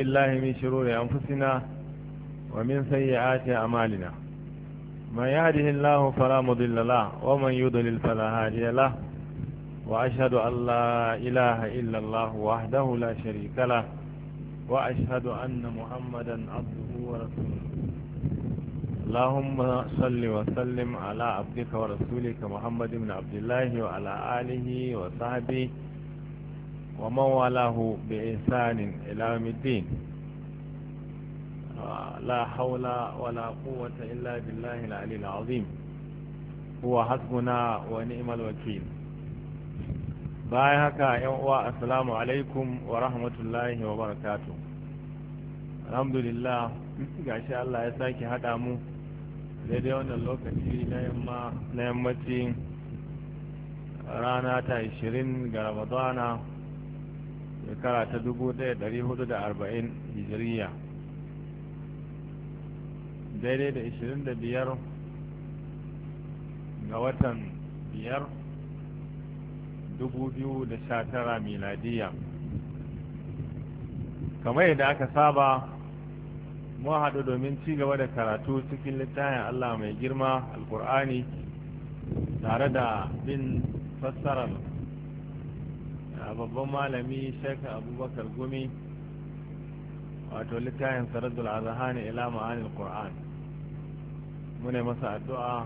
بالله من شرور أنفسنا ومن سيئات أعمالنا من يهده الله فلا مضل له ومن يضلل فلا هادي له وأشهد أن لا إله إلا الله وحده لا شريك له وأشهد أن محمدا عبده ورسوله اللهم صل وسلم على عبدك ورسولك محمد بن عبد الله وعلى آله وصحبه ومن والاه بإحسان إلى يوم الدين لا حول ولا قوة إلا بالله العلي العظيم هو حسبنا ونعم الوكيل bayan haka yan uwa assalamu alaikum wa rahmatullahi wa barakatu alhamdulillah gashi Allah ya sake haɗa mu daidai wannan lokaci na yammaci na yammacin rana ta 20 ga ramadana shekara ta 1440 hijiriya daidai da 25 ga watan 5 2019 miladiya kamar yadda aka saba mu haɗu domin ci gaba da karatu cikin littafin Allah mai girma alkur'ani tare da bin fassarar a babban malami shek abubakar gumi wato littafin saraddul azhani ila ma'anil qur'an mune masa addu'a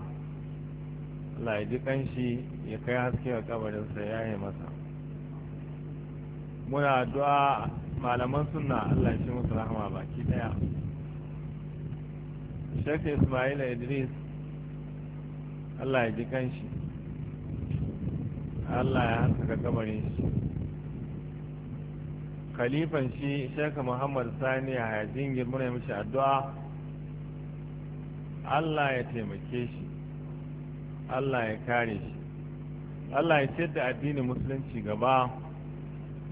Allah ya ji kanshi ya kai haske kabarin sa ya yi masa muna addu'a malaman sunna Allah ya shi musu rahama baki daya Sheikh Ismail Idris Allah ya ji kanshi Allah ya haska kabarin shi khalifan shi sheka muhammad sani ya hajjin ya mishi addu'a allah ya taimake shi allah ya kare shi allah ya ce da addinin musulunci gaba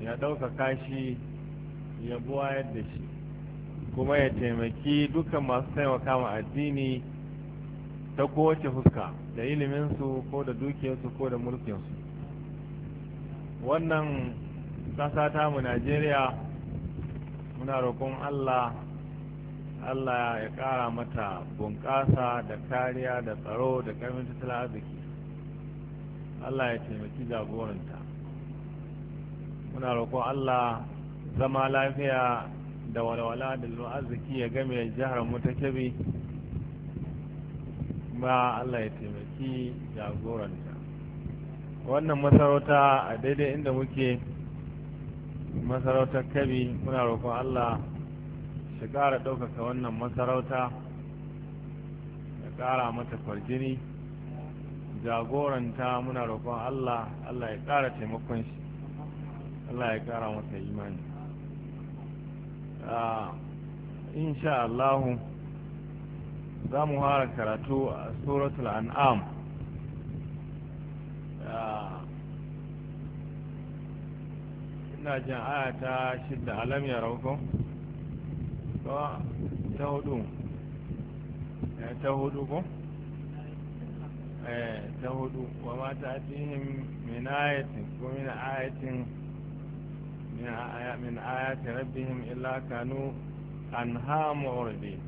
ya ɗaukaka shi ya buwayar da shi kuma ya taimaki dukkan masu taimaka ma addini ta kowace fuska da iliminsu ko da dukiyarsu ko da mulkinsu wannan ƙasa ta mu najeriya muna roƙon allah allah ya ƙara mata bunƙasa da kariya da tsaro da ƙarfin tattalin arziki allah ya taimaki jagoranta muna roƙon allah zama lafiya da walwala da lura arziki ya game jihar mu ta kebe ba allah ya taimaki jagoranta wannan masarauta a daidai inda muke masarautar kabi muna roƙon allah shi ƙara ɗaukaka wannan masarauta ya ƙara mata kwarjini jagoranta muna roƙon allah allah ya ƙara taimakon shi allah ya ƙara mata imani ah, insha allahu za mu fara karatu a suratul an'am na jin aya ta shidda alam ya rauko ta hudu eh, ta hudu ko eh, ta hudu wa ma ta min ayatin ko min ayatin min rabbihim illa kanu anha mu'ridin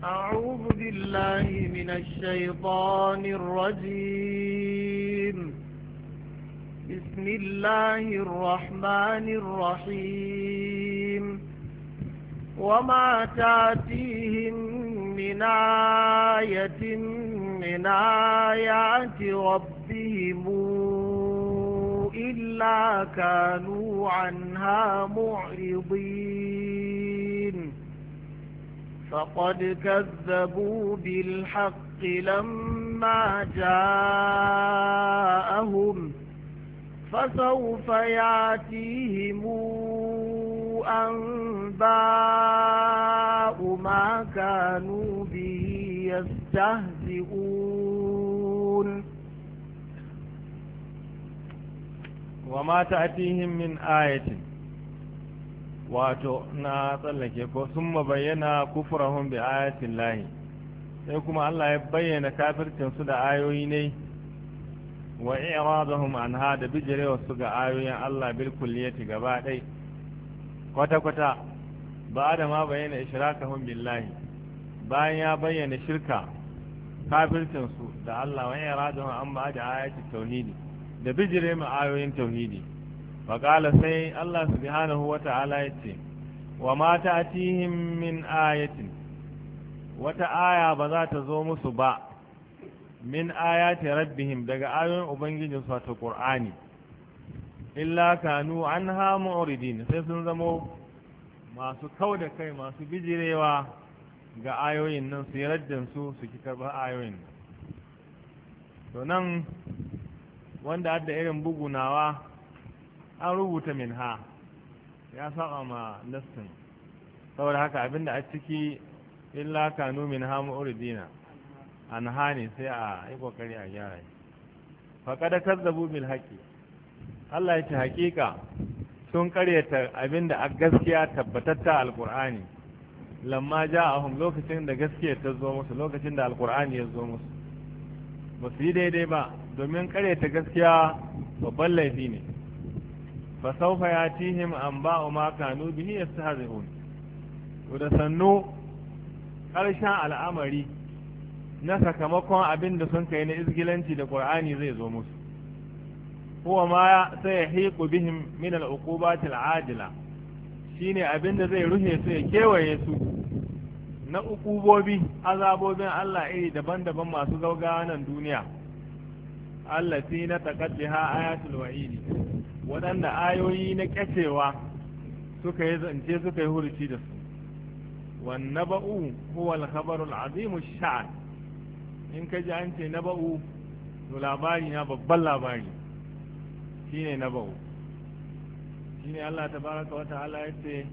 أعوذ بالله من الشيطان الرجيم بسم الله الرحمن الرحيم وما تاتيهم من آية من آيات ربهم إلا كانوا عنها معرضين فقد كذبوا بالحق لما جاءهم فسوف ياتيهم أنباء ما كانوا به يستهزئون وما تأتيهم من آية wato na tsallake ko sun bayyana kufurahun bi ayatin lahi sai kuma Allah ya bayyana kafircinsu da ayoyi ne wa i'radahum anha da bijirewa su ga ayoyin Allah bil kulliyati gaba dai kwata kwata ba da ma bayyana ishrakahum billahi bayan ya bayyana shirka kafircin su da Allah wa i'radahum an ba da ayati tauhidi da bijire ma ayoyin tauhidi wa qala sai Allah subhanahu wa ta'ala yace wa ma ta'tihim min ayatin wata aya ba za ta zo musu ba min ayati rabbihim daga ayoyin ubangijin su ta qur'ani illa kanu anha mu'ridin sai sun zamo masu kauda kai masu bijirewa ga ayoyin nan su yarda su su ki karba ayoyin to nan wanda adda irin bugunawa an rubuta min ha ya saba ma nassin saboda haka abinda a ciki illa kanu min ha mu'ridina an hane sai a yi kokari a gyara shi faƙada kazzabu bil haƙi Allah ya ce haƙiƙa sun karyata abinda a gaskiya tabbatatta alƙur'ani lamma ahun lokacin da gaskiya ta zo musu lokacin da alƙur'ani ya zo musu ba su yi daidai ba domin karyata gaskiya babban laifi ne fa sawfa yatihim anba'u ma kanu bihi yastahzi'un to da sannu karshen al'amari na sakamakon abin da sun kai na izgilanci da ƙur'ani zai zo musu huwa ma sai ya hiku bihim min al'uqubati al'adila shine abin da zai ruhe su ya kewaye su na uqubobi azabobin Allah iri daban-daban masu gaugawa nan duniya allati na taqaddiha ayatul wa'idi waɗanda ayoyi na ƙyacewa suka yi zance suka yi hurci da su wannan ba'u huwa al-khabaru al-azimu sha'an in ka ji an ce na ba'u to labari na babban labari shine na ba'u shine Allah Ta tabaraka wata ala ya ce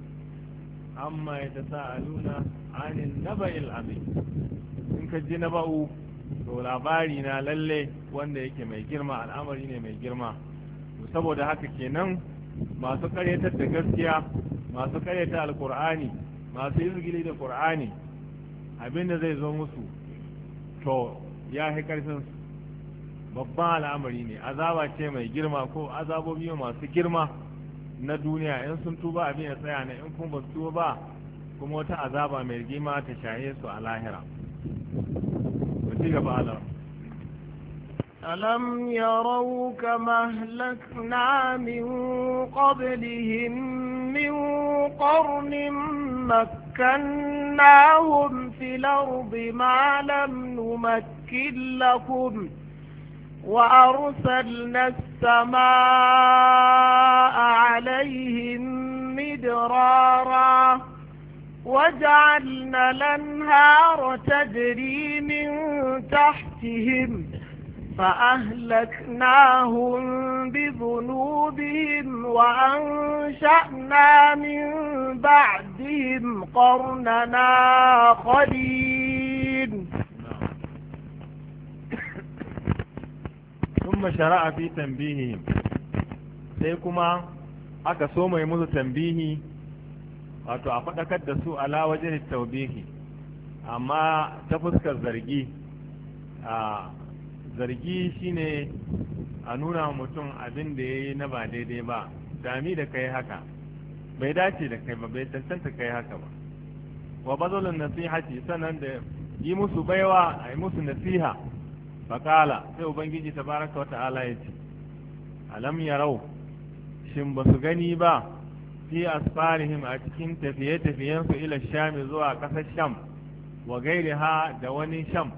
amma ya ta aluna anin ba'il azim in ka ji na ba'u to labari na lalle wanda yake mai girma al'amari ne mai girma saboda haka kenan masu karyatar da gaskiya masu karyatar alkur'ani masu izgili da qur'ani abinda zai zo musu to ya fi karfin babban al'amari ne azaba ce mai girma ko azabobi masu girma na duniya in sun tuba abin ya tsaya ne in kuma ba su tuba ba kuma wata azaba mai girma ta shaye su a lahira. Ku ci gaba Allah. ألم يروا كما أهلكنا من قبلهم من قرن مكناهم في الأرض ما لم نمكن لكم وأرسلنا السماء عليهم مدرارا وجعلنا الأنهار تجري من تحتهم فأهلكناهم بذنوبهم وأنشأنا من بعدهم قرننا آخرين ثم شرع في تنبيههم سيكما aka so mai musu tambihi wato a faɗakar da su ala wajen taubihi amma ta fuskar zargi a zargi shine a nuna mutum abin da ya yi na ba daidai ba dami da kai haka bai dace da kai ba bai cancanta kai haka ba wa bazalun nasihati sannan da yi musu baiwa a yi musu nasiha faƙala sai ubangiji ta baraka wata ala ya ce alam yarau shin ba su gani ba fi asfarihim a cikin tafiye-tafiyensu ila shami zuwa ƙasar sham wa gairi ha da wani sham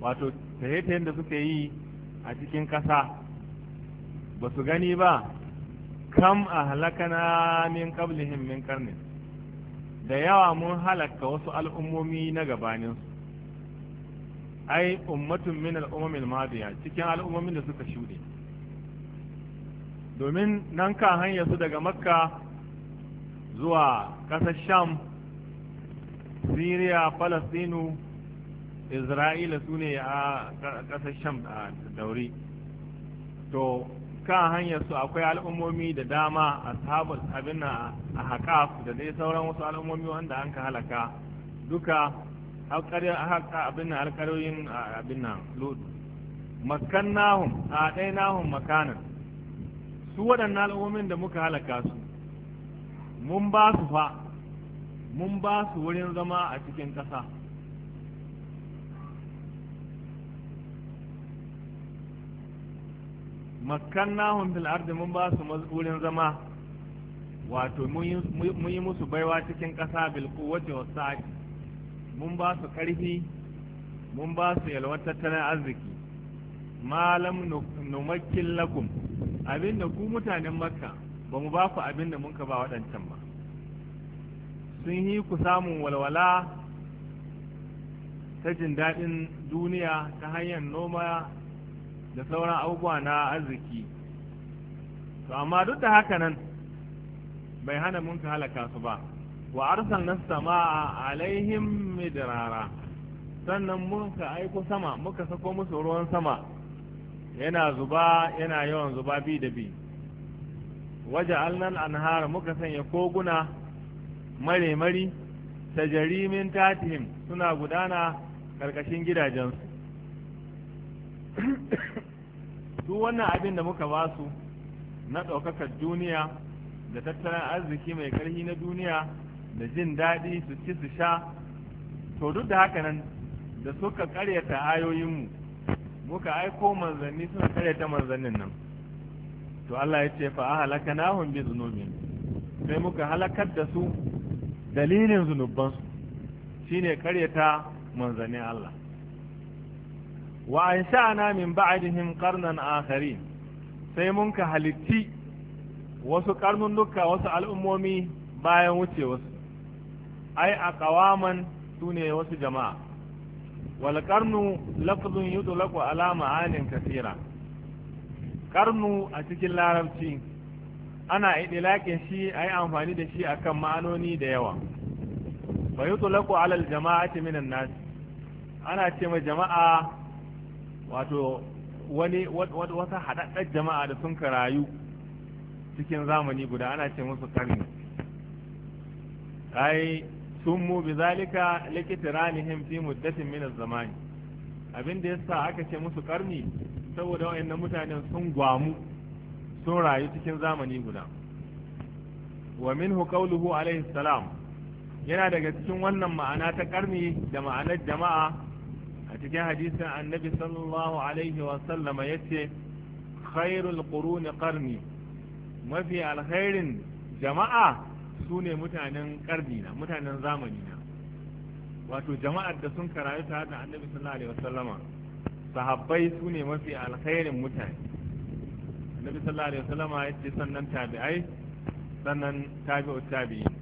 wato taye taren da suka yi a cikin ƙasa ba su gani ba kam a halakana min qablihim min karnin da yawa mun halaka wasu al'ummomi na gabaninsu ai ummatun min ma madiya cikin al'ummomin da suka shuɗe domin nan ka hanyar su daga makka zuwa ƙasar sham siriya falastinu isra'ila su ne a ƙasar sham a dauri to kan hanyar su akwai al'ummomi da dama a sabon abin na a haƙaf da dai sauran wasu al'ummomi wanda an ka halaka duka abin na alƙarorin abin na lodu makan nahun a ɗaya nahun makanan su waɗannan al'ummomin da muka halaka su mun ba su fa mun ba su wurin zama a cikin ƙasa makkannahum bil ardi mun ba su mazgurin zama wato mun yi musu baiwa cikin ƙasa bil quwwati was sa'i mun ba su ƙarfi mun ba su yalwar tattalin arziki malam numakkin lakum abinda ku mutanen makka ba mu ba ku abinda mun ka ba waɗancan ba sun yi ku samun walwala ta jin daɗin duniya ta hanyar noma da sauran abubuwa na arziki to amma duk da haka nan bai hana mun ka halaka su ba wa arsalna samaa alaihim midrara sannan mun ka aiko sama muka sako musu ruwan sama yana zuba yana yawan zuba bi da bi waje alnan anhar muka sanya koguna mare mari ta jarimin tatihim suna gudana ƙarƙashin gidajensu su wannan abin da muka ba su na ɗaukakar duniya da tattalin arziki mai ƙarfi na duniya da jin daɗi su ci su sha to duk da haka nan da suka ƙaryata ayoyinmu muka aiko manzanni suna ƙaryata manzannin nan to Allah ya ce fa halaka nahun bi zunubin sai muka halakar da su dalilin zunubansu shine ƙaryata manzannin Allah wa an sha'ana min ba'dihim qarnan akharin sai mun ka halitti wasu karnunnuka wasu al'ummomi bayan wuce wasu ai a kawaman sune wasu jama'a wal qarnu lafzun yudlaqu ala ma'anin kasira qarnu a cikin larabci ana idilakin shi ai amfani da shi akan ma'anoni da yawa fa yudlaqu ala al jama'ati minan nas ana ce ma jama'a wato wani wata haɗaɗɗen jama'a da sun rayu cikin zamani guda ana ce musu karni ai sun mu bi zalika likitanihim fi muddatin min zamani abin da yasa aka ce musu karni saboda wayannan mutanen sun gwamu sun rayu cikin zamani guda wa minhu qawluhu alayhi salam yana daga cikin wannan ma'ana ta karni da ma'anar jama'a a cikin hadisin annabi sallallahu alaihi wasallama ya ce khairul quruni karni, mafi alkhairin jama'a su ne mutanen karni na mutanen zamani na wato jama'ar da sun karayu tare da annabi sallallahu alaihi wasallama sahabbai su ne mafi alkhairin mutane annabi sallallahu alaihi wasallama ya ce sannan tabi'ai sannan tabi'u tabi'in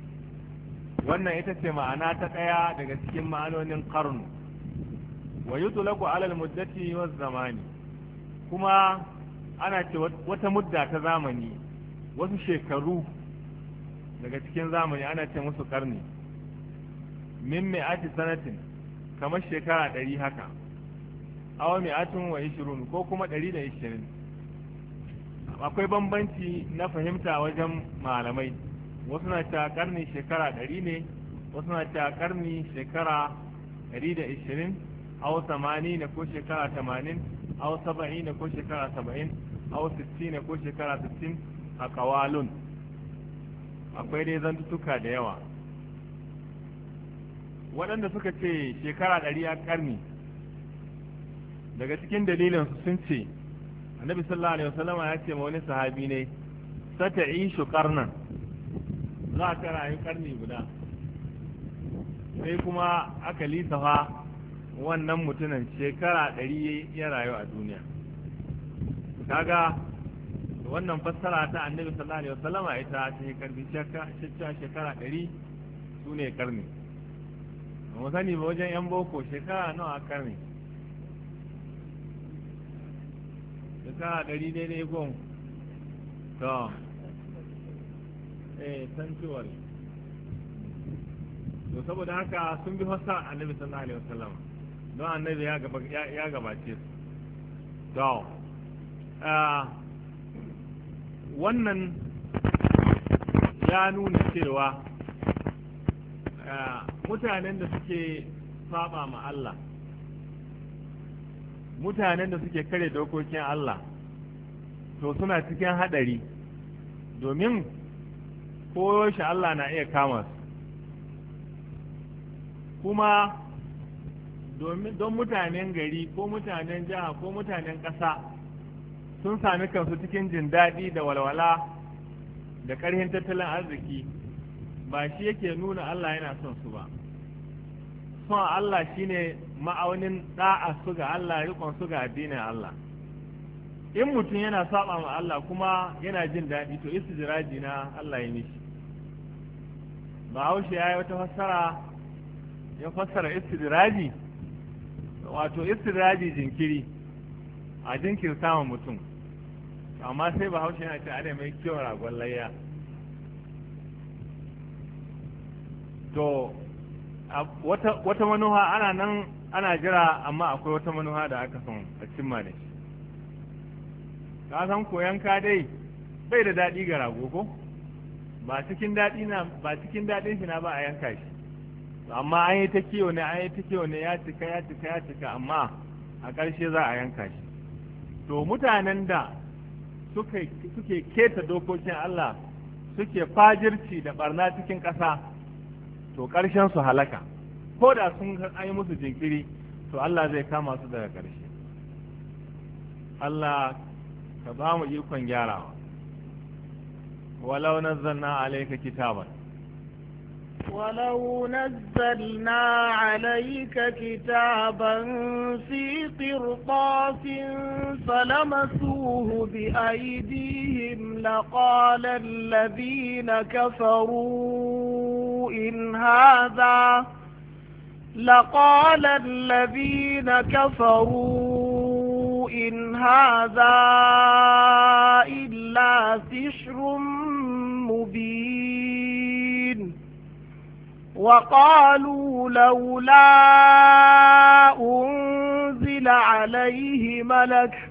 wannan ita ce ma'ana ta ɗaya daga cikin ma'anonin karnu wa yutlaqu ala al-muddati wa zamani kuma ana ce wata mudda ta zamani wasu shekaru daga cikin zamani ana ce musu karni min mi'ati sanatin kamar shekara ɗari haka awa mi'atin wa ishirin ko kuma ɗari da ishirin akwai bambanci na fahimta wajen malamai wasu na ta karni shekara ɗari ne wasu na ta karni shekara ɗari da ishirin أو ثمانين ko shekara ثمانين أو سبعين ko shekara سبعين أو ستين ko shekara ستين a kawalun akwai dai zantutuka da yawa waɗanda suka ce shekara ɗari a ƙarni daga cikin dalilinsu sun ce annabi sallallahu alaihi wasallama ya ce ma wani sahabi ne sata ishu za ta rayu ƙarni guda sai kuma aka lisafa wannan mutumin shekara ɗari ya rayu a duniya kaga wannan fassara ta annabi sallallahu alaihi wasallam ita ta karbi shekara ɗari su ne karni mu sani ba wajen yan boko shekara nawa karni shekara ɗari daidai gon to eh sanctuary to saboda haka sun bi fassara annabi sallallahu alaihi wasallam don annabi ya gabace su to wannan ya nuna cewa mutanen da suke saba ma Allah mutanen da suke kare dokokin Allah to suna cikin hadari domin koyaushe Allah na iya kama su kuma domin don mutanen gari ko mutanen jiha ko mutanen ƙasa sun sami kansu cikin jin daɗi da walwala da ƙarhin tattalin arziki ba shi yake nuna Allah yana son su ba son Allah shine ma'aunin ɗa'a su ga Allah rikon su ga addinin Allah in mutum yana saba ma Allah kuma yana jin daɗi to istijiraji na Allah ya mishi ba haushe ya yi wata fassara ya fassara istijiraji wato istiraji jinkiri a jinkirta samun mutum amma sai ba haushe yana ce ana mai kyau ragon layya to wata manuha ana nan ana jira amma akwai wata manuha da aka son a cimma da shi ka san koyon ka dai bai da daɗi ga rago ko ba cikin daɗin shi na ba a yanka shi amma an yi ta kiyo ne an yi ta kiyo ne ya cika ya cika ya cika amma a ƙarshe za a yanka shi to mutanen da suke keta dokokin Allah suke fajirci da barna cikin ƙasa to ƙarshen su halaka ko da sun yi musu jinkiri to Allah zai kama su daga ƙarshe Allah ka ba mu ikon gyarawa walau nazzalna alayka kitaban ولو نزلنا عليك كتابا في قرطاس فلمسوه بأيديهم لقال الذين كفروا إن هذا لقال الذين كفروا إن هذا إلا سحر مبين وقالوا لولا أنزل عليه ملك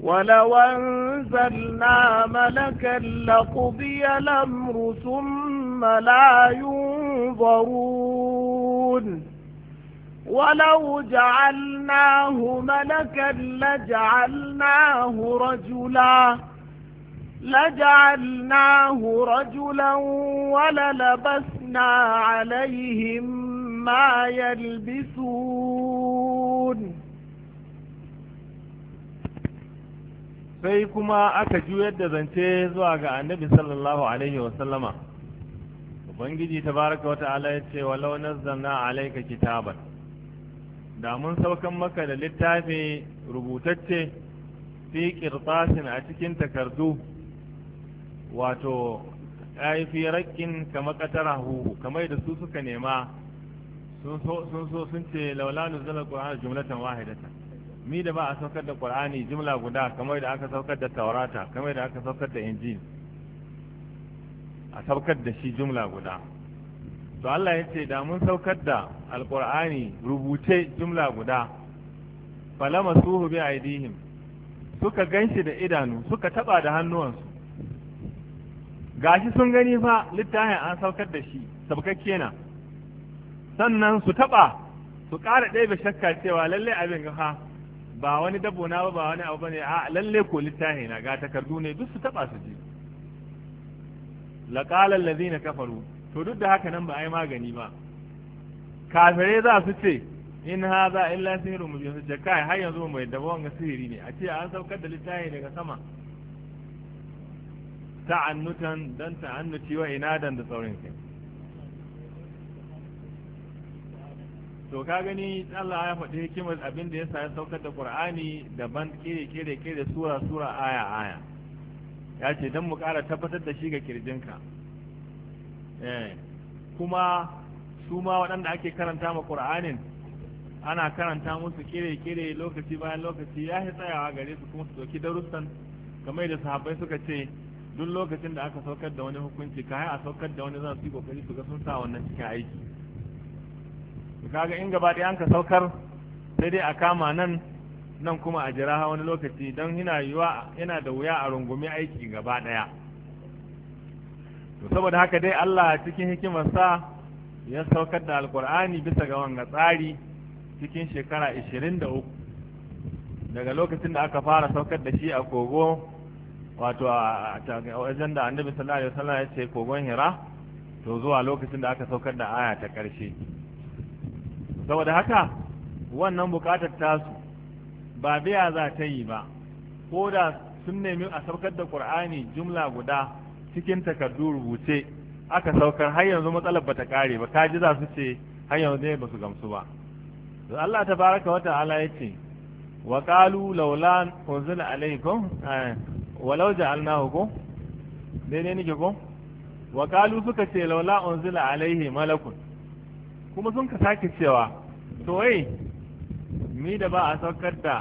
ولو أنزلنا ملكا لقضي الأمر ثم لا ينظرون ولو جعلناه ملكا لجعلناه رجلاً لجعلناه رجلا وللبسنا عليهم ما يلبسون sai kuma aka juyar da zance zuwa ga annabi sallallahu alaihi wasallama ubangiji baraka wa ta'ala ya ce walau nazzalna alayka kitaban da mun saukan maka da littafi rubutacce fi qirtasin a cikin takardu wato ya fi rakkin kama katara huhu kamar da su suka nema sun so sun ce laula nuzula qur'ana jumlatan wahidatan mi da ba a saukar da qur'ani jumla guda kamar da aka saukar da taurata kamar da aka saukar da injil a saukar da shi jumla guda to Allah ya ce da mun saukar da alqur'ani rubuce jumla guda falama suhu bi aidihim suka ganshi da idanu suka taba da hannuwansu gashi sun gani fa littafin an saukar da shi sabkakke na sannan su taba su ƙara ɗebe shakka cewa lalle abin ga ba wani dabo na ba wani abu bane a lalle ko littafi na ga takardu ne duk su taba su ji laqala allazina kafaru to duk da haka nan ba ai magani ba kafirai za su ce in haza illa sihrun mubin su kai har yanzu mu yadda ba wanga sihiri ne a ce an saukar da littafi daga sama ta'annutan dan ta'annuci wa inadan da saurin sai to ka gani Allah ya faɗi hikimar abin da yasa ya saukar da Qur'ani daban kire kire kire sura sura aya aya ya ce dan mu ƙara tabbatar da shi ga kirjinka eh kuma su ma waɗanda ake karanta ma Qur'anin ana karanta musu kire kire lokaci bayan lokaci ya tsayawa gare su kuma su ɗauki darussan kamar da sahabbai suka ce duk lokacin da aka saukar da wani hukunci ka a saukar da wani zan su yi kokari su ga sun sa wannan cikin aiki kaga in gaba ɗaya an ka saukar sai dai a kama nan nan kuma a jira wani lokaci don yana yiwa yana da wuya a rungumi aiki gaba ɗaya to saboda haka dai Allah cikin sa ya saukar da alkur'ani bisa ga wanga tsari cikin shekara 23 daga lokacin da aka fara saukar da shi a kogo wato a wajen da annabi sallallahu alaihi wasallam ya ce kogon hira to zuwa lokacin da aka saukar da aya ta ƙarshe saboda haka wannan bukatar tasu ba biya za ta yi ba ko da sun nemi a saukar da ƙur'ani jumla guda cikin takardu rubuce aka saukar har yanzu matsalar bata kare ba kaji za su ce har yanzu ne ba su gamsu ba to Allah ta wa ta'ala yace wa qalu laula unzila alaikum eh, walau ja'alnahu ko daidai nake ko wa kalu suka ce laula unzila alaihi malakun kuma sun ka sake cewa to wai mi da ba a saukar da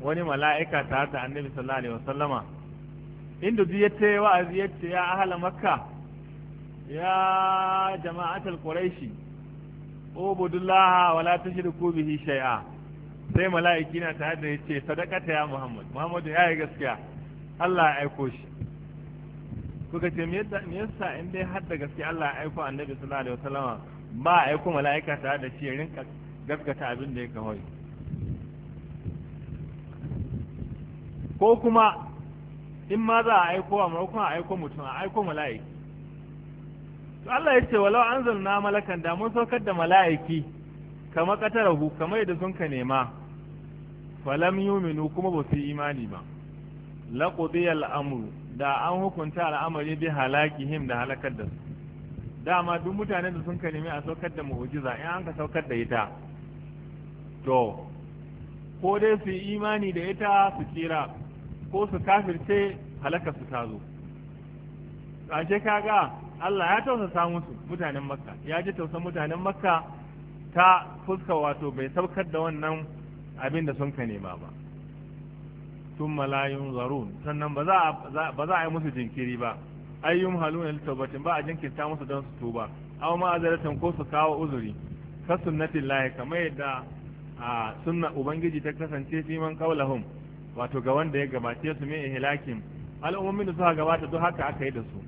wani mala'ika tare da annabi sallallahu alaihi wasallama inda duk ya ce wa'azi ya ce ya ahla makka ya jama'atul quraishi wa wala tushriku bihi shay'a sai mala'iki na tare da yace sadaqata ya muhammad muhammadu yayi gaskiya Allah ya aiko shi kuka ce me yasa in dai har da gaske Allah ya aiko annabi sallallahu alaihi wasallama ba a aiko mala'ika tare da shi ya rinka gaskata abin da ya kawai ko kuma in ma za a aiko a maimakon a aiko mutum a aiko mala'iki to Allah ya ce walau an zanna malakan da mun saukar da mala'iki kamar katarahu kamar yadda sun ka nema falam yuminu kuma ba su yi imani ba laƙudiyar amuru da an hukunta al'amari bi halakihim da halakar da su dama duk mutanen da sun ka nemi a saukar da mu'ujiza in an ka saukar da ita to ko dai su yi imani da ita su tsira ko su kafirce halakar su ta zo ashe kaga Allah ya tausasa musu mutanen makka ya ji tausan mutanen makka ta fuska wato bai saukar da wannan abin da sun ka nema ba tun malayun zarun sannan ba za a yi musu jinkiri ba Ayyun haluna litawbatin ba a jinkirta musu don su tuba aw ma'azaratan ko su kawo uzuri ka sunnatin lahi kamar yadda a sunna ubangiji ta kasance fi man wato ga wanda ya gabace su mai ihlakin al'ummomin da suka gabata duk haka aka yi da su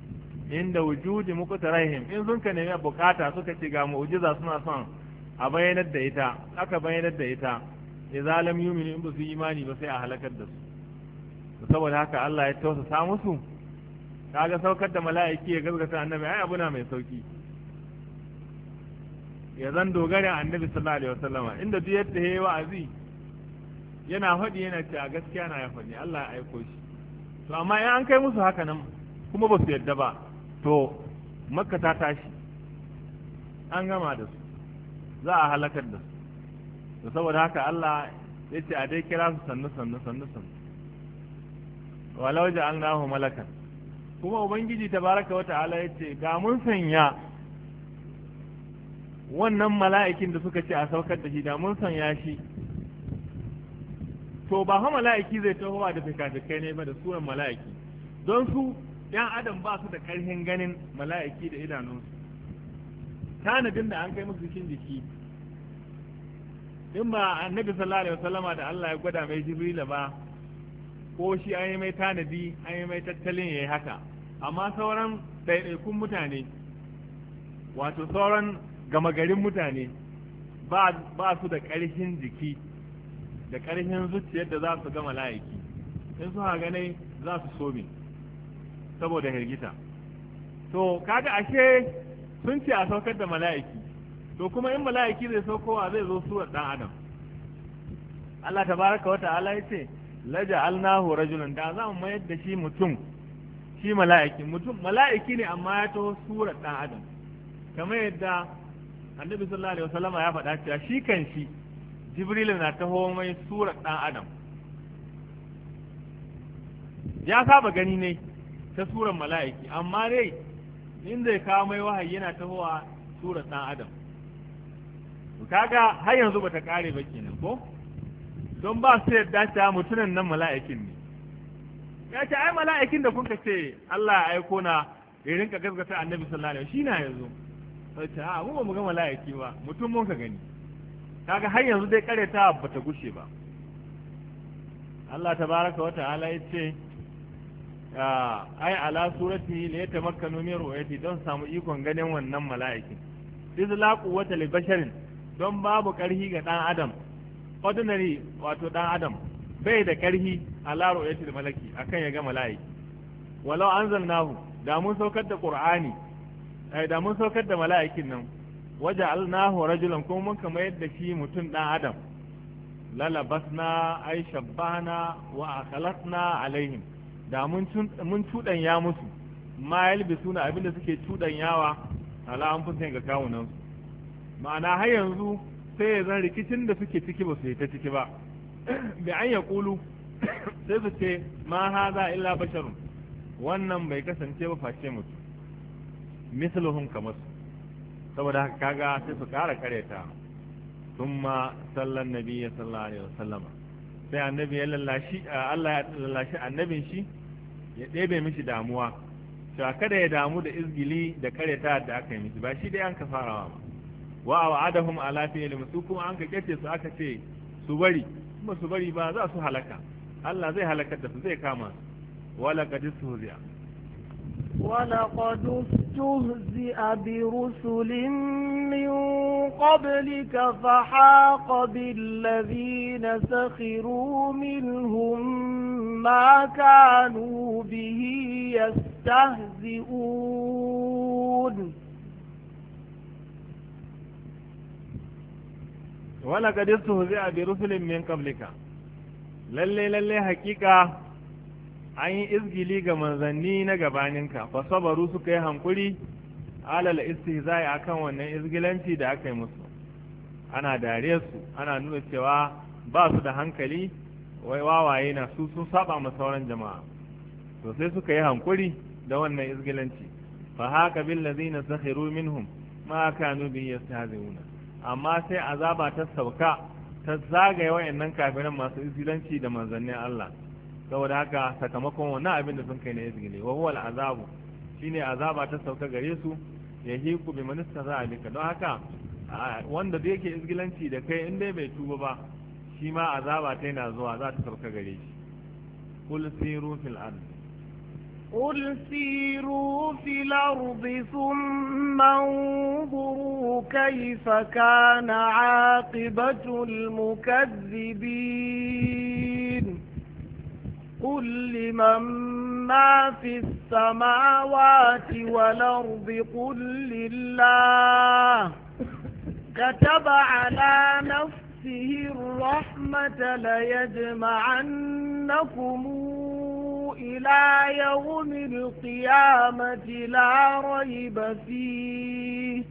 inda wujudi muqtarihim in sun ka nemi bukata suka ce ga mu'jiza suna son a bayyanar da ita aka bayyanar da ita idza lam yu'minu in ba su imani ba sai a halakar da su saboda haka Allah ya tausasa musu kaga saukar da mala'iki ya gaskata annabi ai abu na mai sauki ya zan dogara annabi sallallahu alaihi wasallam inda duk yadda yayi wa'azi yana faɗi yana ce a gaskiya na ya faɗi Allah ya aiko shi to amma in an kai musu haka nan kuma ba su yadda ba to makka ta tashi an gama da su za a halakar da su saboda haka Allah ya ce a dai kira su sannu sannu sannu sannu walau ja'alnahu malakan kuma ubangiji tabaraka wa ta'ala yace ga mun sanya wannan mala'ikin da suka ce a saukar da shi da mun sanya shi to ba ha mala'iki zai tahowa da fikafikai ne ba da sunan mala'iki don su yan adam ba su da karhin ganin mala'iki da idanunsu tanadin da an kai musu cikin jiki in ba annabi sallallahu alaihi wasallama da Allah ya gwada mai jibrila ba ko shi an yi mai tanadi an yi mai tattalin ya yi haka amma sauran ɗaiɗaikun mutane wato sauran gama garin mutane ba su da ƙarfin jiki da ƙarfin zuciyar da za su gama layaki in su ganai za su so me saboda hirgita to kaga ashe sun ce a saukar da mala'iki to kuma in mala'iki zai saukowa zai zo suwar ɗan adam Allah tabaraka wa ta'ala ya ce laja'alnahu rajulan da za mu mayar da shi mutum shi mala'iki mutum mala'iki ne amma ya taho surat dan adam kamar yadda annabi sallallahu alaihi wasallama ya faɗa cewa shi kan shi jibril na taho mai surat dan adam ya saba gani ne ta surar mala'iki amma dai in zai kawo mai wahayi yana tahowa surat dan adam kaga har yanzu bata kare ba kenan ko don ba su yadda ta mutumin nan mala'ikin ne ya ce ai mala'ikin da kun ka ce Allah ya aiko na ya rinka gaskata annabi sallallahu alaihi shi na yanzu sai ce a mu ba mu ga mala'iki ba mutum mun ka gani kaga har yanzu dai ta bata gushe ba Allah tabaraka baraka wata ya ce ai ala surati la yatamakkanu min ru'yati don samu ikon ganin wannan mala'ikin izlaqu wa li basharin don babu karhi ga dan adam ordinary wato dan adam bai da karhi ala ru'yatil malaki akan ya ga mala'iki walau anzalnahu da mun saukar da qur'ani ai eh, da mun saukar da mala'ikin nan waja'alnahu rajulan kuma mun kama yadda shi mutum dan adam lalabasna ai shabbana wa akhalatna alaihim da mun mun tudan ya musu ma yalbisuna abinda suke tudan yawa ala an fusa ga kawunan ma'ana har yanzu sai ya zan rikicin da suke ciki ba su yi ta ciki ba bi an ya kulu sai su ce ma haza illa basharun wannan bai kasance ba face mutu misluhum kamar su saboda haka kaga sai su kara kareta ma sallan nabi ya sallallahu alaihi wasallama sai annabi ya lallashi Allah ya lallashi annabin shi ya ɗebe mishi damuwa cewa kada ya damu da izgili da kareta da aka yi mishi ba shi dai an ka farawa ba wa wa'adahum ala fi'lihim su kuma an ka kace su aka ce su bari kuma su bari ba za su halaka Allah zai halakar da su zai kama wala qad tuhziya wala qad tuhziya bi rusulin min qablika fa haqa bil ladina sakhiru minhum ma kanu bihi yastahzi'un wala hu zai a bi rusulin min kablika lalle lalle hakika an yi izgili ga manzanni na gabaninka fa sabaru suka yi hankuri alal istihza'i akan wannan izgilanci da aka yi musu ana dare su ana nuna cewa ba su da hankali wai wawaye na su sun saba ma sauran jama'a to sai suka yi hankuri da wannan izgilanci fa haka bil ladzina sakhiru minhum ma kanu bi yastahzi'una amma sai azaba ta sauka ta zagaye wayannan kafiran masu izilanci da manzannin Allah saboda haka sakamakon wannan abin da sun kai na izgile wa huwa azabu shine azaba ta sauka gare su ya hiku bi manista za a ka don haka wanda da yake izgilanci da kai in dai bai tuba ba shi ma azaba ta yana zuwa za ta sauka gare shi kul siru fil ardi قل سيروا في الأرض ثم انظروا كيف كان عاقبة المكذبين قل لمن ما في السماوات والأرض قل لله كتب على نفسه الرحمة ليجمعنكم إلى يوم القيامة لا ريب فيه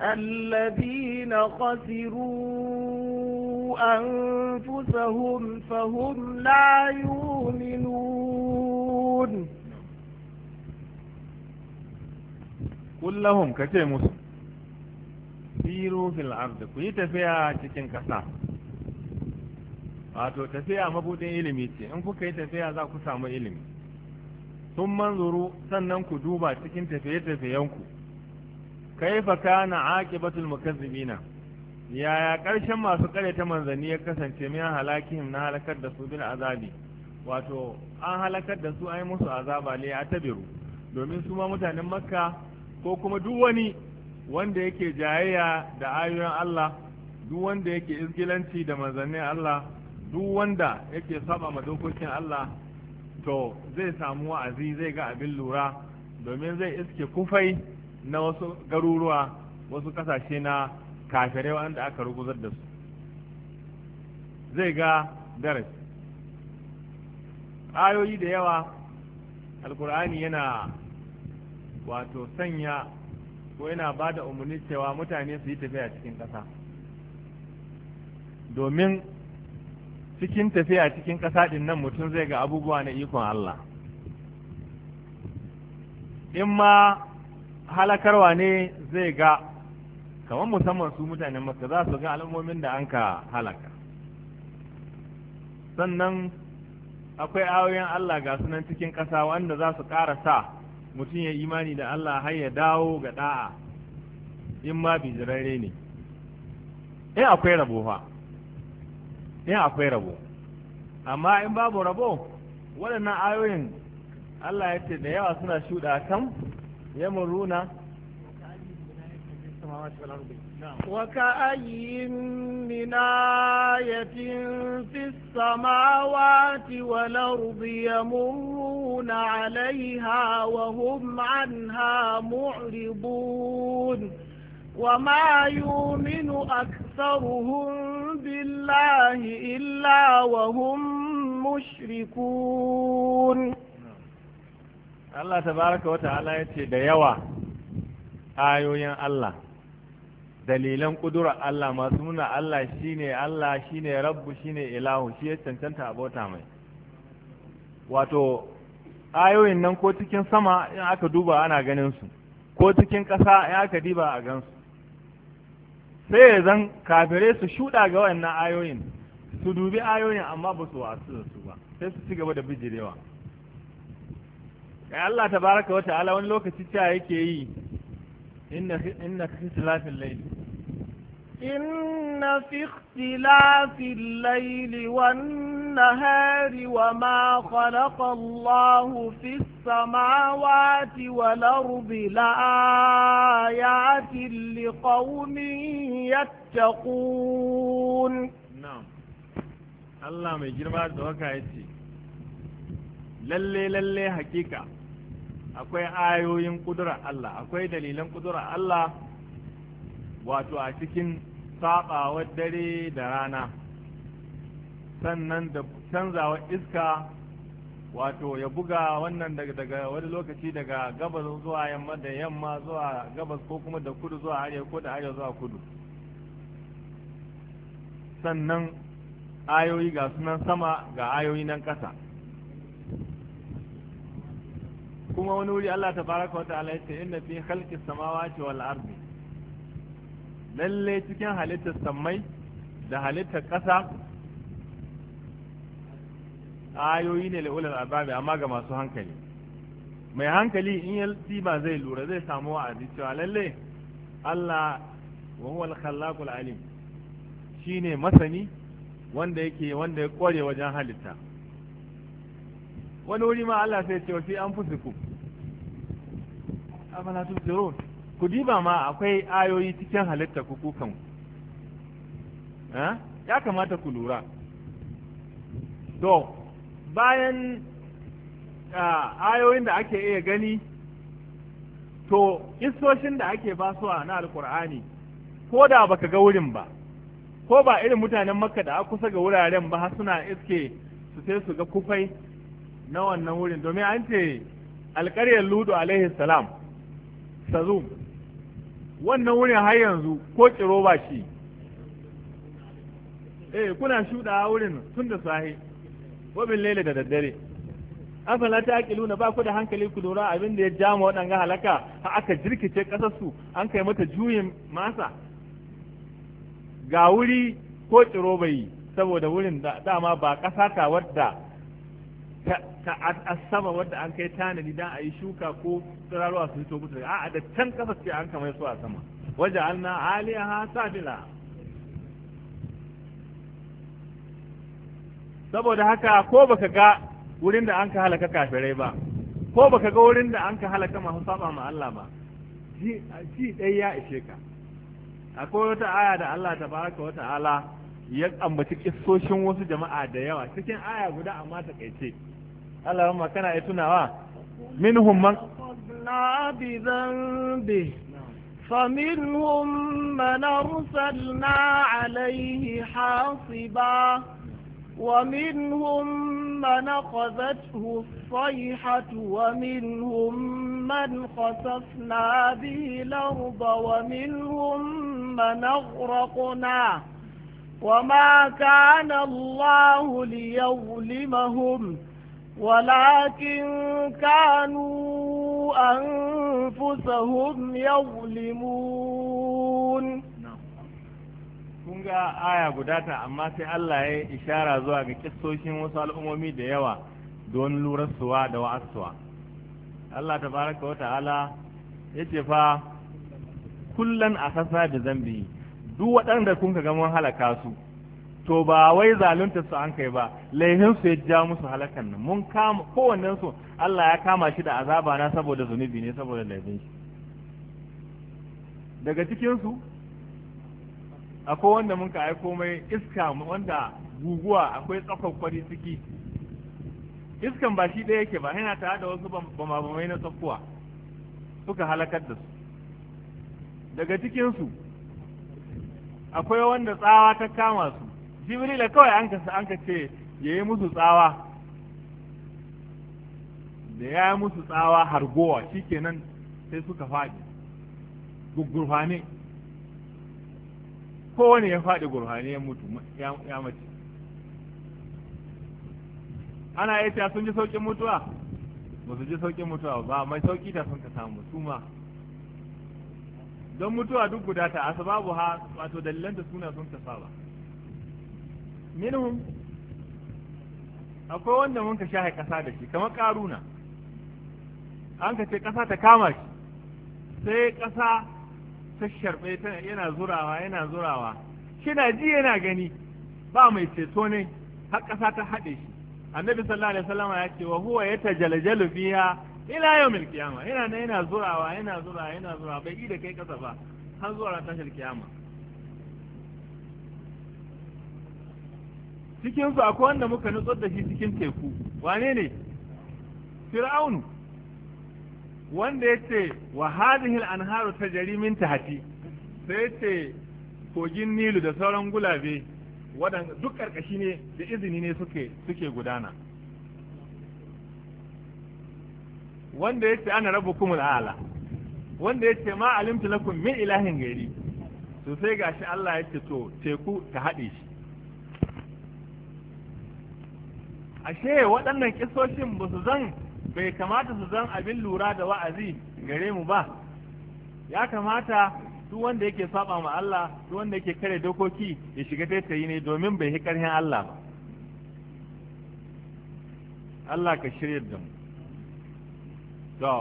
الذين خسروا أنفسهم فهم لا يؤمنون قل لهم كتير مسلم سيروا في العرض كنت فيها تكن كسام wato tafiya mabudin ilimi ce in kuka yi tafiya za ku samu ilimi sun manzuru sannan ku duba cikin tafiye-tafiyenku kai kaifa kana aqibatul mukazzibina yaya ƙarshen masu ta manzanni ya kasance min halakihim na halakar da su bil azabi wato an halakar da su ai musu azaba ne a tabiru domin su ma mutanen makka ko kuma duk wani wanda yake jayayya da ayoyin Allah duk wanda yake izgilanci da manzannin Allah duk wanda yake saba ma dokokin Allah to zai samu wa'azi zai ga abin lura domin zai iske kufai na wasu garuruwa wasu kasashe na kafirai wanda aka ruguzar da su zai ga darasi ayoyi da yawa alkur'ani yana wato sanya ko yana ba da umarni cewa mutane su yi tafiya cikin ƙasa domin cikin tafiya cikin ƙasa ɗin nan mutum zai ga abubuwa na ikon Allah in ma halakarwa ne zai ga kamar musamman su mutane maka za su ga al'ummomin da an ka halaka sannan akwai ayoyin Allah ga sunan cikin ƙasa wanda za su ƙara sa mutum ya imani da Allah har ya dawo ga ɗa'a in ma bijirarre ne in akwai rabuwa in akwai rabo amma in babu rabo waɗannan ayoyin Allah ya ce da yawa suna shuɗa kan yamuruna وكأي من آية في السماوات والأرض يمرون عليها وهم عنها معرضون وما يؤمن أكثرهم بالله إلا وهم مشركون الله تبارك وتعالى يتي da yawa ayoyin Allah dalilan ƙudurar Allah masu nuna Allah shine Allah shine rabbu shine ilahu shi ya cancanta abota mai wato ayoyin nan ko cikin sama in aka duba ana ganin su ko cikin ƙasa in aka diba a gansu sai ya zan kafire su shuɗa ga wannan ayoyin su dubi ayoyin amma ba su wasu da su ba sai su ci gaba da bijirewa kai Allah tabaraka wa ala wani lokaci ta yake yi inna inna khislafil layli إن في اختلاف الليل والنهار وما خلق الله في السماوات والأرض لآيات لقوم يتقون نعم الله ما يجرم دوكا lalle lalle hakika akwai ayoyin kudura Allah akwai dalilan kudura Allah wato a cikin saɓawar dare da rana sannan da canzawa iska wato ya buga wannan daga wani lokaci daga gabas zuwa yamma da yamma zuwa gabas ko kuma da kudu zuwa arewa ko da arewa zuwa kudu sannan ayoyi ga sunan sama ga ayoyi nan ƙasa kuma wani wuri Allah ta baraka wa ta'ala yace inna fi khalqis samawati wal ardi lalle cikin halittar sammai da halittar ƙasa ayoyi ne la'ular albabi amma ga masu hankali mai hankali in ya ba zai lura zai samu wa'azi cewa lalle Allah wa huwa al-khallaqul alim shine masani wanda yake wanda ya kware wajen halitta wani wuri ma Allah sai ce an fi anfusikum afala tubsirun ku diba ma akwai ayoyi cikin halitta ku kukan ya kamata ku lura to bayan ayoyin da ake iya gani to isoshin da ake basuwa na alkur'ani ko da baka ga wurin ba ko ba irin mutanen makka da kusa ga wuraren ba suna iske su sai su ga kufai na wannan wurin domin an ce alƙaryar ludu alaihi salam sazum wannan wurin har yanzu ko tsiro ba shi eh kuna shuɗa wurin tun da sahi wabin lele da daddare afala ta aqilu na ba ku da hankali ku lura abin da ya jama waɗanga halaka ha aka jirkice ƙasar su an kai mata juyin masa ga wuri ko tsiro bai saboda wurin da dama ba ƙasa wadda ta sama wadda an kai tanadi dan a yi shuka ko tsirarwa su fito mutu a'a da can kasa ce an kamar su a sama waje an na aliyaha safila saboda haka ko baka ga wurin da an ka halaka kafirai ba ko baka ga wurin da an ka halaka masu saba ma Allah ba ji ɗaya ya ishe ka akwai wata aya da Allah ta baraka wata ala ya ambaci kissoshin wasu jama'a da yawa cikin aya guda amma ta kaice Allah ramma kana ya tunawa minhum man na bi dhanbi فمنهم من أرسلنا عليه حاصبا ومنهم من أخذته الصيحة ومنهم من خسفنا به الأرض ومنهم من أغرقنا وما كان الله ليظلمهم ولكن كانوا أنفسهم يظلمون kunga aya gudata amma sai Allah ya ishara zuwa ga kistoshin wasu al'ummomi da yawa don lurarsuwa da wa'asuwa Allah ta baraka wa ta'ala ya ce fa kullan a sassa da zambi duk waɗanda kun ga mun halaka su to ba wai zalunta su an kai ba laihin su ya ja musu halakan nan mun kama kowannen su Allah ya kama shi da azaba na saboda zunubi ne saboda laifin shi daga cikin su akwai wanda mun ka komai iska wanda guguwa akwai tsakon kwari ciki iskan ba shi ɗaya yake ba yana tare da wasu bamabamai na tsakuwa suka halakar da su daga cikinsu akwai wanda tsawa ta kama su jibrila kawai an kasa an ka ce ya yi musu tsawa da ya yi musu tsawa hargowa shikenan sai suka faɗi gurfane kowane ya faɗi gurfane ya mutu ya mace ana iya sun ji sauƙin mutuwa ba su ji sauƙin mutuwa ba mai sauƙi da sun ka samu su ma don mutuwa duk guda ta asbabu ha wato dalilan da suna sun ba. minhum akwai wanda mun ka shahi kasa da shi kamar karuna an ka ce kasa ta kama shi sai kasa ta sharbe yana zurawa yana zurawa Shi na ji yana gani ba mai ceto ne har kasa ta haɗe shi annabi sallallahu alaihi wasallam ya ce wa huwa yatajaljalu biha ila yau yawmil kiyama yana nan yana zurawa yana zurawa yana zurawa bai yi da kai kasa ba har zuwa ran tashar kiyama cikin su akwai wanda muka nutsar da shi cikin teku wane ne fir'aunu wanda ya ce wa hadhihi al-anharu ta min tahati sai ya ce kogin nilu da sauran gulabe duk ƙarƙashi ne da izini ne suke gudana wanda ce ana rabu kuma a'la wanda yace ma alimtu lakum min ilahin gairi to sai gashi Allah ce to teku ta haɗe shi ashe waɗannan kisoshin ba su zan bai kamata su zan abin lura da wa'azi gare mu ba ya kamata duk wanda yake saba ma Allah duk wanda yake kare dokoki ya shiga taitayi ne domin bai hi Allah ba Allah ka shirya da mu to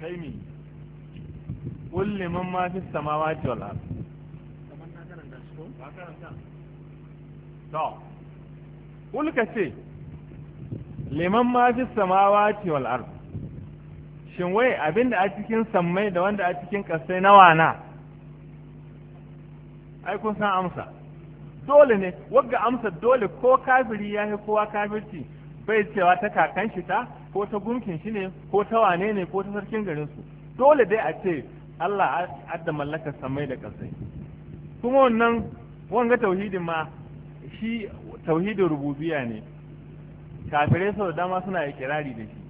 kai mi kulli man ma fi sama wal ard to ka ce liman ma fi samawati wal shin wai abinda a cikin sammai da wanda a cikin kasai nawa na ai kun san amsa dole ne wagga amsa dole ko kafiri ya fi kowa kafirci bai cewa ta kakan shi ta ko ta gunkin shi ne ko ta wane ne ko ta sarkin garin su dole dai a ce Allah adda mallaka samai da kasai kuma wannan wanga tauhidin ma shi tauhidin rububiya ne kafirai sau da dama suna ikirari da shi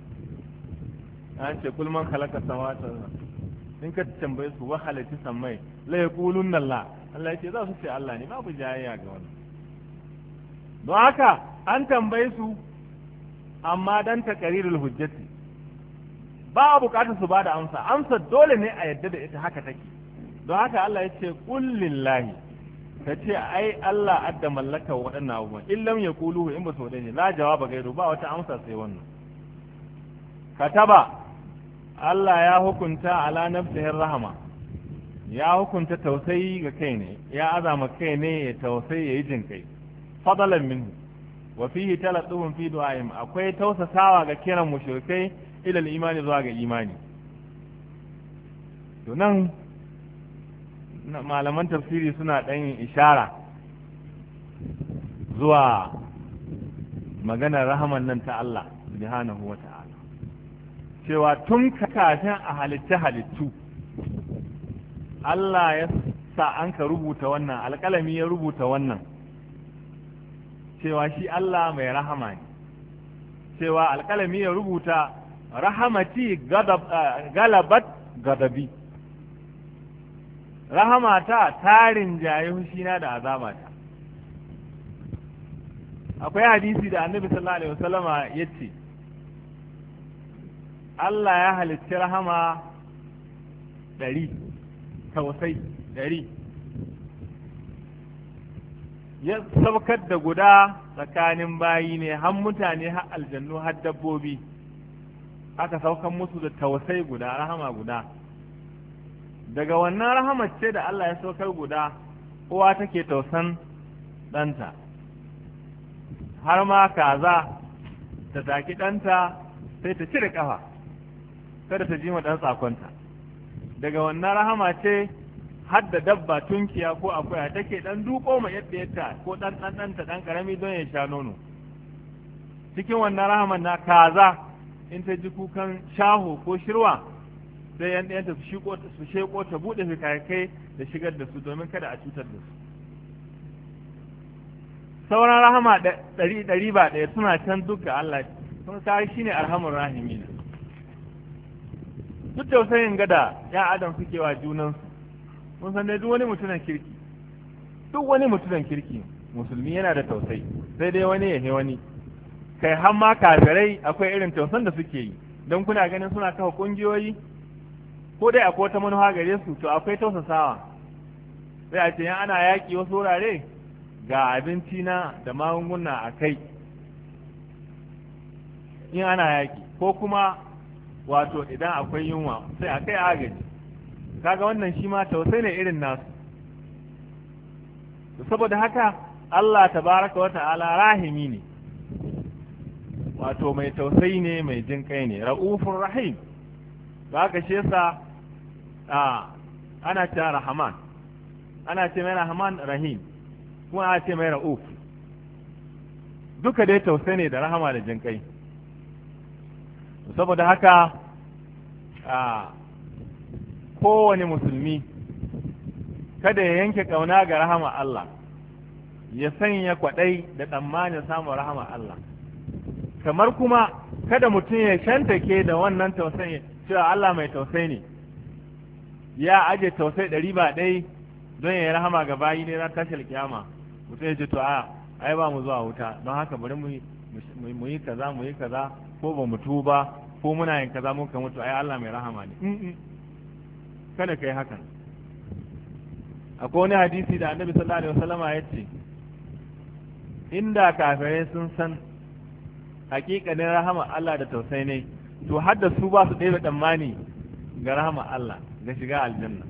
an ce kulman halaka sama ta in ka tambaye su wa halitti samai la ya kulun nalla Allah ya ce za su ce Allah ne babu jayayya ga wani don haka an tambaye su amma dan taqrirul hujjati ba a bukatar su bada amsa amsa dole ne a yadda da ita haka take don haka Allah ya ce qul lillahi ta ce ai Allah adda mallaka waɗannan abubuwan illam ya kuluhu in ba su wadai ne la jawaba gairu ba wata amsa sai wannan kataba Allah ya hukunta ala nafsihi rahama ya hukunta tausayi ga kai ne ya azama kai ne ya tausayi ya yi jinkai fadalan minhu wa fihi talatsuhum fi du'a'im akwai tausasawa ga kiran mushrikai ila al-imani zuwa ga imani to nan malaman tafsiri suna dan ishara zuwa maganar rahaman nan ta Allah subhanahu wa ta'ala cewa tun kafin a halitta halittu Allah ya sa an ka rubuta wannan alƙalami ya rubuta wannan cewa shi Allah mai rahama ne cewa alkalami ya rubuta rahamati eh, galabat gadabi rahamata tarin jaye hushina da azamata akwai hadisi da annabi sallallahu alaihi wasallama ya ce Allah ya halicci rahama ɗari tausai ɗari ya saukar da guda tsakanin bayi ne har mutane har aljannu har dabbobi aka saukan musu da tausai guda rahama guda daga wannan rahama ce da Allah ya saukar guda uwa take tausan ɗanta har ma kaza ta taki ɗanta sai ta cire kafa kada ta ji ma ɗan tsakonta daga wannan rahama ce har da dabba tunkiya ko akwai take dan duko ma yadda yadda ko dan dan dan ta dan karami don ya sha nono cikin wannan rahaman na kaza in ta ji kukan shaho ko shirwa sai yan ɗayan ta su sheko ta buɗe su kai da shigar da su domin kada a cutar da su sauran rahama ɗari ɗari ba ɗaya suna can duk ga Allah sun kare shine arhamur rahimin duk tausayin gada ya adam suke wa junansu mun san dai duk wani mutumin kirki duk wani mutumin kirki musulmi yana da tausayi sai dai wani ya wani kai har ma kafirai akwai irin tausan da suke yi don kuna ganin suna kafa kungiyoyi ko dai akwai wata manufa gare su to akwai tausasawa sai a ce yan ana yaƙi wasu wurare ga abinci na da magunguna a kai in ana yaƙi ko kuma wato idan akwai yunwa sai a kai agaji kaga wannan shi ma tausai ne irin nasu saboda haka Allah tabaraka wa ta'ala rahimi ne wato mai tausayi ne mai jin kai ne ra'ufur rahim ba ka shi yasa a ana ce rahman ana ce mai rahman rahim kuma ana ce mai ra'uf duka dai tausayi ne da rahama da jin kai saboda haka a kowane musulmi kada ya yanke ƙauna ga rahama Allah ya sanya kwaɗai da tsammanin samun rahama Allah kamar kuma kada mutum ya shantake da wannan tausai cewa Allah mai tausai ne ya aje tausai ɗari ba ɗai don ya yi rahama ga bayi ne na tashar kiyama mutum ya ce to a ai ba mu zuwa wuta don haka bari mu yi kaza mu yi kaza ko ba mu tuba ko muna yin kaza muka mutu ai Allah mai rahama ne kada ka yi hakan akwai wani hadisi da annabi sallallahu alaihi wasallama ya ce inda kafirai sun san hakikanin rahama Allah da tausai ne to da su ba su ɗebe tsammani ga rahama Allah ga shiga aljanna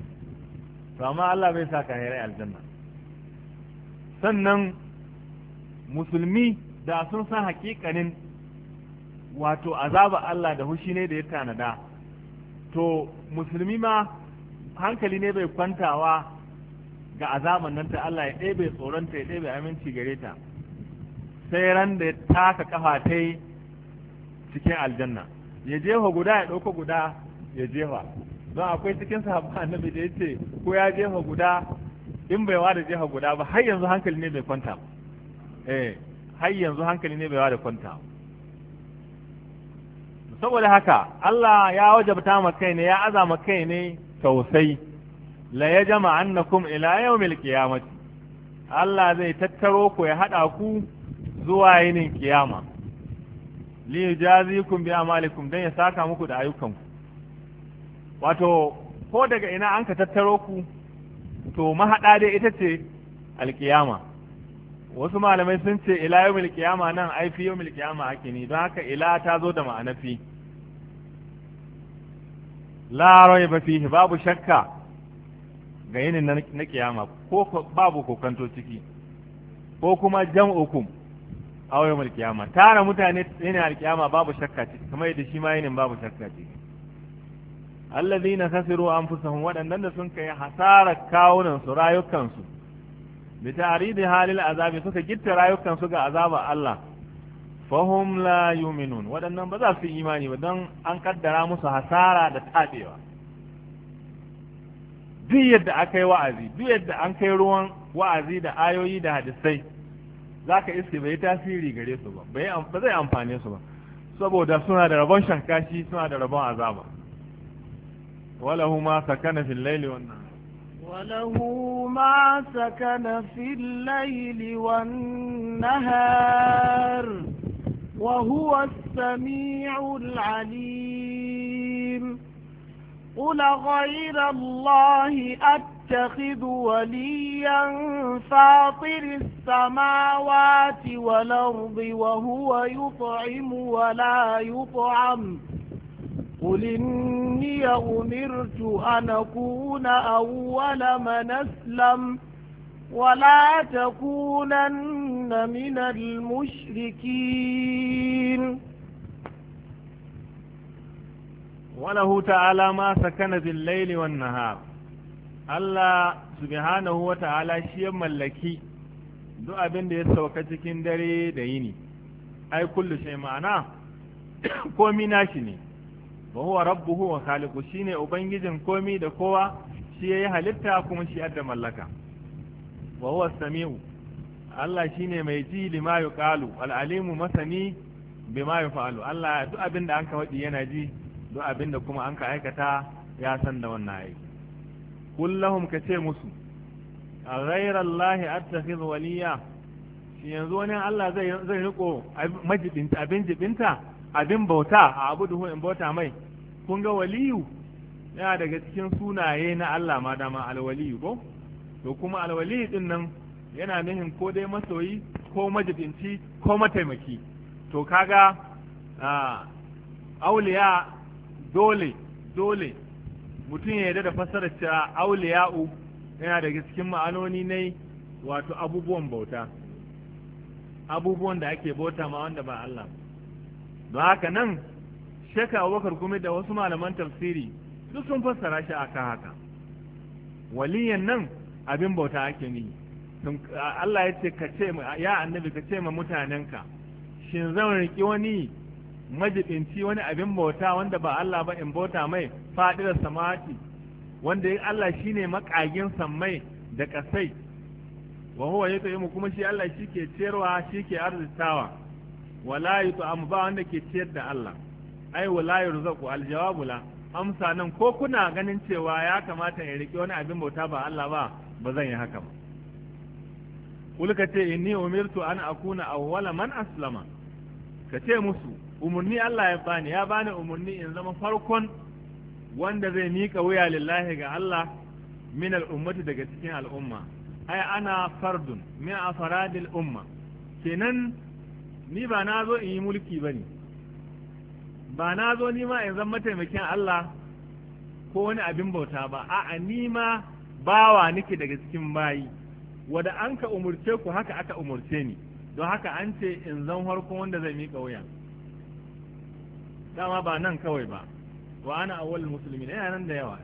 to amma Allah bai sa kafirai aljanna sannan musulmi da sun san hakikanin wato azaba Allah da hushi ne da ya tanada to musulmi ma hankali ne bai kwantawa ga azaban nan ta Allah ya ɗebe tsoronta ya ɗebe aminci gare ta sai ran da ya taka kafa ta yi cikin aljanna ya jefa guda ya ɗauka guda ya jefa don akwai cikin sahabba annabi da ya ce ko ya jefa guda in bai wada jefa guda ba har yanzu hankali ne bai kwanta ba eh har yanzu hankali ne bai wada kwanta saboda haka Allah ya wajabta ma kai ne ya azama kai ne sosai la ya jama annakum ila yawmil qiyamati Allah zai tattaro ku ya hada ku zuwa yinin kiyama li yajazikum bi amalikum dan ya saka muku da ayyukanku wato ko daga ina anka tattaro ku to mahada dai ita ce alkiyama wasu malamai sun ce ila yawmil qiyama nan ai fi yawmil qiyama ake ni don haka ila ta zo da ma'anafi la ba fihi babu shakka ga yinin na kiyama ko babu kokanto ciki ko kuma jam'ukum a yawmal kiyama tara mutane yinin alkiyama babu shakka ciki kamar yadda shi ma yinin babu shakka ciki alladhina khasiru anfusahum wadannan da sun kai hasarar kawunan su rayukansu bi ta'ridi halil azabi suka gitta rayukansu ga azaba Allah fahum la yuminun waɗannan ba za su yi imani ba don an kaddara musu hasara da taɓewa duk yadda aka yi wa'azi duk yadda an kai ruwan wa'azi da ayoyi da hadisai za ka iske bai tasiri gare su ba ba zai amfane su ba saboda suna da rabon shankashi suna da rabon azaba wala huma sakana fil laili wannan وله sakana سكن في الليل والنهار وهو السميع العليم قل غير الله أتخذ وليا فاطر السماوات والأرض وهو يطعم ولا يطعم قل إني أمرت أن أكون أول من أسلم ولا تكونن من المشركين وله تعالى ما سكن بالليل والنهار الله سبحانه وتعالى شيء ملكي duk abin ya sauka cikin dare da yini ai kullu shay ma'ana komi nashi ne wa huwa rabbuhu wa khaliqu shine ubangijin komi da kowa shi yayi halitta kuma shi da mallaka wa huwa samiu Allah shine mai ji lima yuqalu al alimu masani bima fa'alu. Allah duk abin da an ka wadi yana ji duk abin da kuma an ka aikata ya san da wannan ayi kullahum ka ce musu ghayra Allah attakhidhu waliya shi yanzu wani Allah zai zai riko abin jibinta abin bauta a abudu in bauta mai kun ga waliyu yana daga cikin sunaye na Allah ma dama alwaliyu ko to kuma alwali din nan yana nihin ko dai masoyi ko majibinci ko mataimaki to kaga auliya dole dole mutum ya yarda da fasarar cewa auliya'u yana daga cikin ma'anoni ne wato abubuwan bauta abubuwan da ake bauta ma wanda ba Allah don haka nan shekaru abubakar kuma da wasu malaman tafsiri duk sun fassara shi akan haka waliyan nan abin bauta ake ni Allah ya ce ka ce ya annabi ka ce ma mutanenka shin zan riki wani majibinci wani abin bauta wanda ba Allah ba in bauta mai fadira samati wanda Allah shine makagin sammai da kasai wa huwa mu kuma shi Allah shi ke shike shi ke arzitawa wala yut'am ba wanda ke ciyar da Allah ai wala yurzaqu aljawabula amsa nan ko kuna ganin cewa ya kamata in riki wani abin bauta ba Allah ba ba zan yi haka ba kulka ce inni umirtu an akuna awwala man aslama ka ce musu umarni Allah ya bani ya bani umarni in zama farkon wanda zai mika wuya lillahi ga Allah min al'ummati daga cikin al'umma ai ana fardun min afradil umma kenan ni ba na zo in yi mulki bane ba na zo ni ma in zama mataimakin Allah ko wani abin bauta ba a'a ni ma bawa nake daga cikin bayi wada an ka umurce ku haka aka umurce ni don haka an ce in zan harko wanda zai miƙa wuya dama ba nan kawai ba wa ana awwal musulmin ina nan da yawa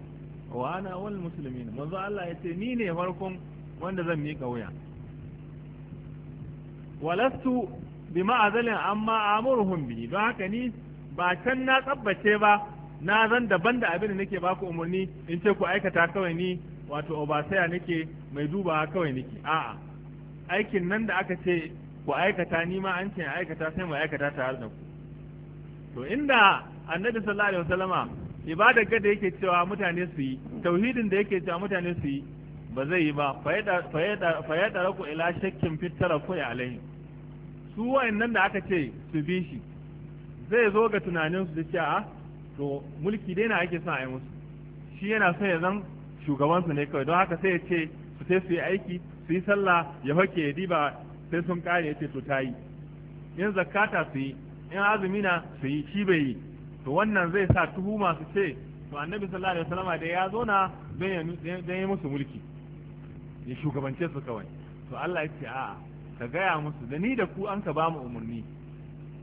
wa ana awwal musulmin manzo Allah ya ce ni ne farkon wanda zan miƙa wuya walastu bi ma'azalin amma amurhum bi don haka ni ba can na tsabbace ba na zan daban da abin da nake baku umarni in ce ku aikata kawai ni wato obasaya nake mai duba kawai nake a'a aikin nan da aka ce ku aikata ni ma an ce aikata sai mu aikata ta da ku to inda annabi sallallahu alaihi wasallama ibadar ga da yake cewa mutane su yi tauhidin da yake cewa mutane su yi ba zai yi ba fa ya dara ku ila shakkin fitara ku ya alai su nan da aka ce su bi shi zai zo ga tunanin su da cewa ah, to mulki dai na ake son a yi musu shi yana son ya zan shugabansu ne kawai don haka sai ya ce su sai su yi aiki su yi sallah ya hoke ya diba sai sun kare ya ce to ta yi in zakata su yi in azumi na su yi shi bai yi to wannan zai sa tuhuma su ce to annabi sallallahu alaihi wasallam da ya zauna don ya musu mulki ya shugabance su kawai to Allah ya ce a'a ka gaya musu da ni da ku an ka ba mu umarni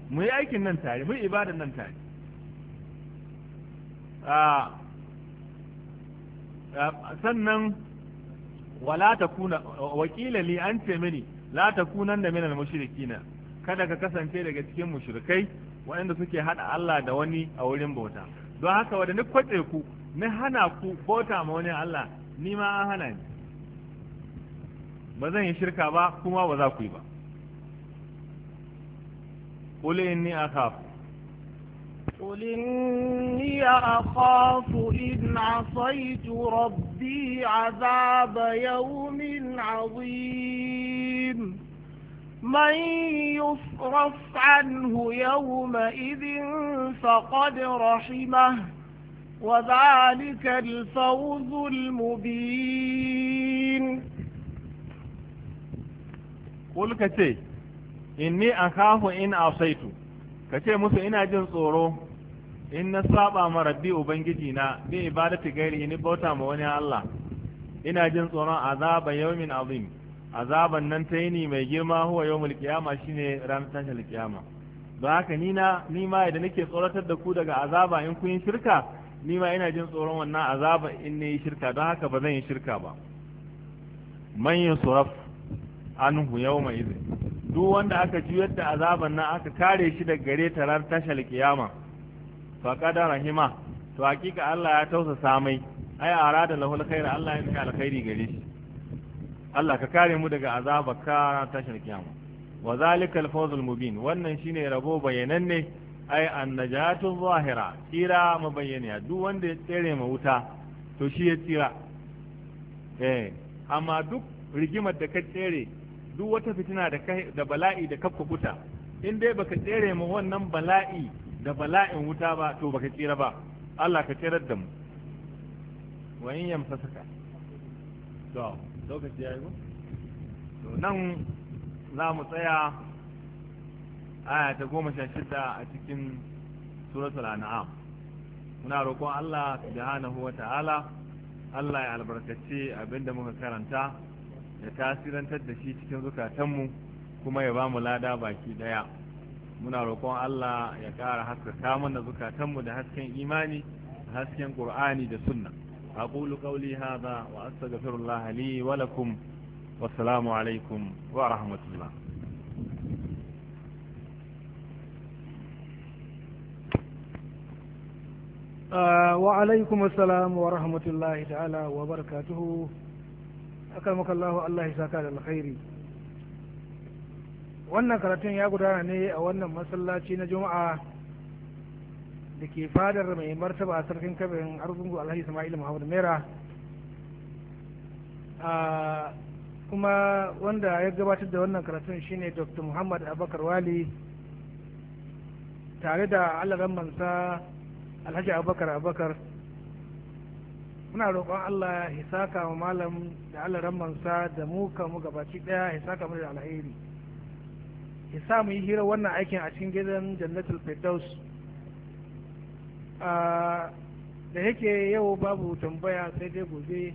mu yi aikin nan tare mu yi ibadan nan tare ah, sannan wala kuna wakila li an ce mini la takunan da minal mushrikina kada ka kasance daga cikin mushrikai waɗanda suke hada Allah da wani a wurin bauta don haka wanda ni kwace ku ni hana ku bauta ma wani Allah ni ma an hana ni ba zan yi shirka ba kuma ba za ku yi ba qul inni akhafu قل إني أخاف إن عصيت ربي عذاب يوم عظيم من يصرف عنه يومئذ فقد رحمه وذلك الفوز المبين قل كتي إني أخاف إن عصيت كتي مثل إن أجل صوره in na saba ma rabbi ubangiji na bi ibadati gairi ni bauta ma wani Allah ina jin tsoron azaba yawmin azim azaban nan ta yini mai girma huwa yawmul qiyama shine ranar tashin qiyama don haka ni na ni ma idan nake tsoratar da ku daga azaba in kun yi shirka ni ma ina jin tsoron wannan azaba in ne yi shirka don haka ba zan yi shirka ba man yusraf anhu yawma idh duk wanda aka juyar da azaban nan aka kare shi daga gare ta ranar tashin qiyama faqad rahima to hakika Allah ya tausa samai, ai arada lahul khair Allah ya nufi alkhairi gare shi Allah ka kare mu daga azabaka tashin kiyama wa zalikal fawzul mubin wannan shine rabo bayananne ai annajatu zahira tsira mabayyaniya duk wanda ya tsere ma wuta to shi ya tsira eh amma duk rigimar da ka tsere duk wata fitina da bala'i da ka kubuta in dai baka tsere ma wannan bala'i da bala'in wuta ba to baka tsira ba Allah ka tsirar da mu wa in yamsa saka to lokaci yayi ko to nan za mu tsaya aya ta goma sha shida a cikin suratul an'am muna roƙon Allah subhanahu wa ta'ala Allah ya albarkace abinda muka karanta ya tasirantar da shi cikin zukatanmu kuma ya ba mu lada baki daya muna roƙon Allah ya ƙara haskaka mana zukatanmu da hasken imani da hasken Qur'ani da sunna aqulu qawli hadha wa astaghfirullah li wa lakum wassalamu alaikum wa rahmatullah uh, wa alaikum assalam wa rahmatullahi ta'ala wa barakatuhu akalmakallahu Allah ya saka da alkhairi wannan karatun ya gudana ne a wannan masallaci na juma'a da ke fadar mai martaba a sarkin kabin argungu alhaji ismail Muhammadu mera kuma wanda ya gabatar da wannan karatun shine dr muhammad abakar wali tare da allaran mansa alhaji abakar abakar muna roƙon allah ya saka wa malam da allaran mansa da mu kamu gabaci ɗaya ya saka mu da alheri ya sa yi hira wannan aikin a cikin gidan jannatul firdaus da yake yau babu tambaya sai dai gobe